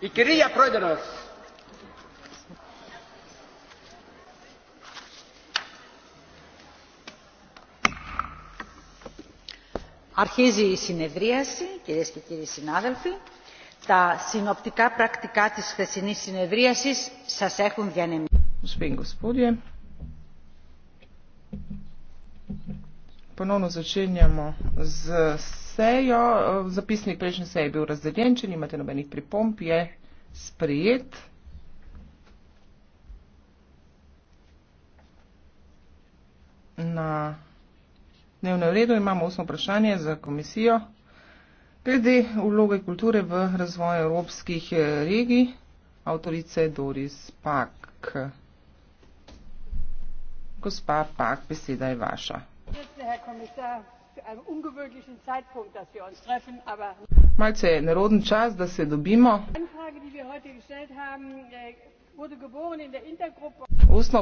y quería proyectos. Αρχίζει η συνεδρίαση, κυρίε και κύριοι συνάδελφοι. Τα συνοπτικά πρακτικά τη χθεσινή συνεδρίαση σα έχουν διανεμηθεί. Ponovno začenjamo z sejo. Eh, zapisnik prejšnje seje je bil razdeljen, če nimate nobenih pripomp, je sprejet. Na dnevnem redu imamo osmo vprašanje za komisijo glede vloge kulture v razvoju evropskih eh, regij, avtorice Doris Pak. Gospa Pak, beseda je vaša. Herr Kommissar, zu einem ungewöhnlichen Zeitpunkt, dass wir uns treffen, aber. Malce je neroden čas, da se dobimo. Äh, Ustno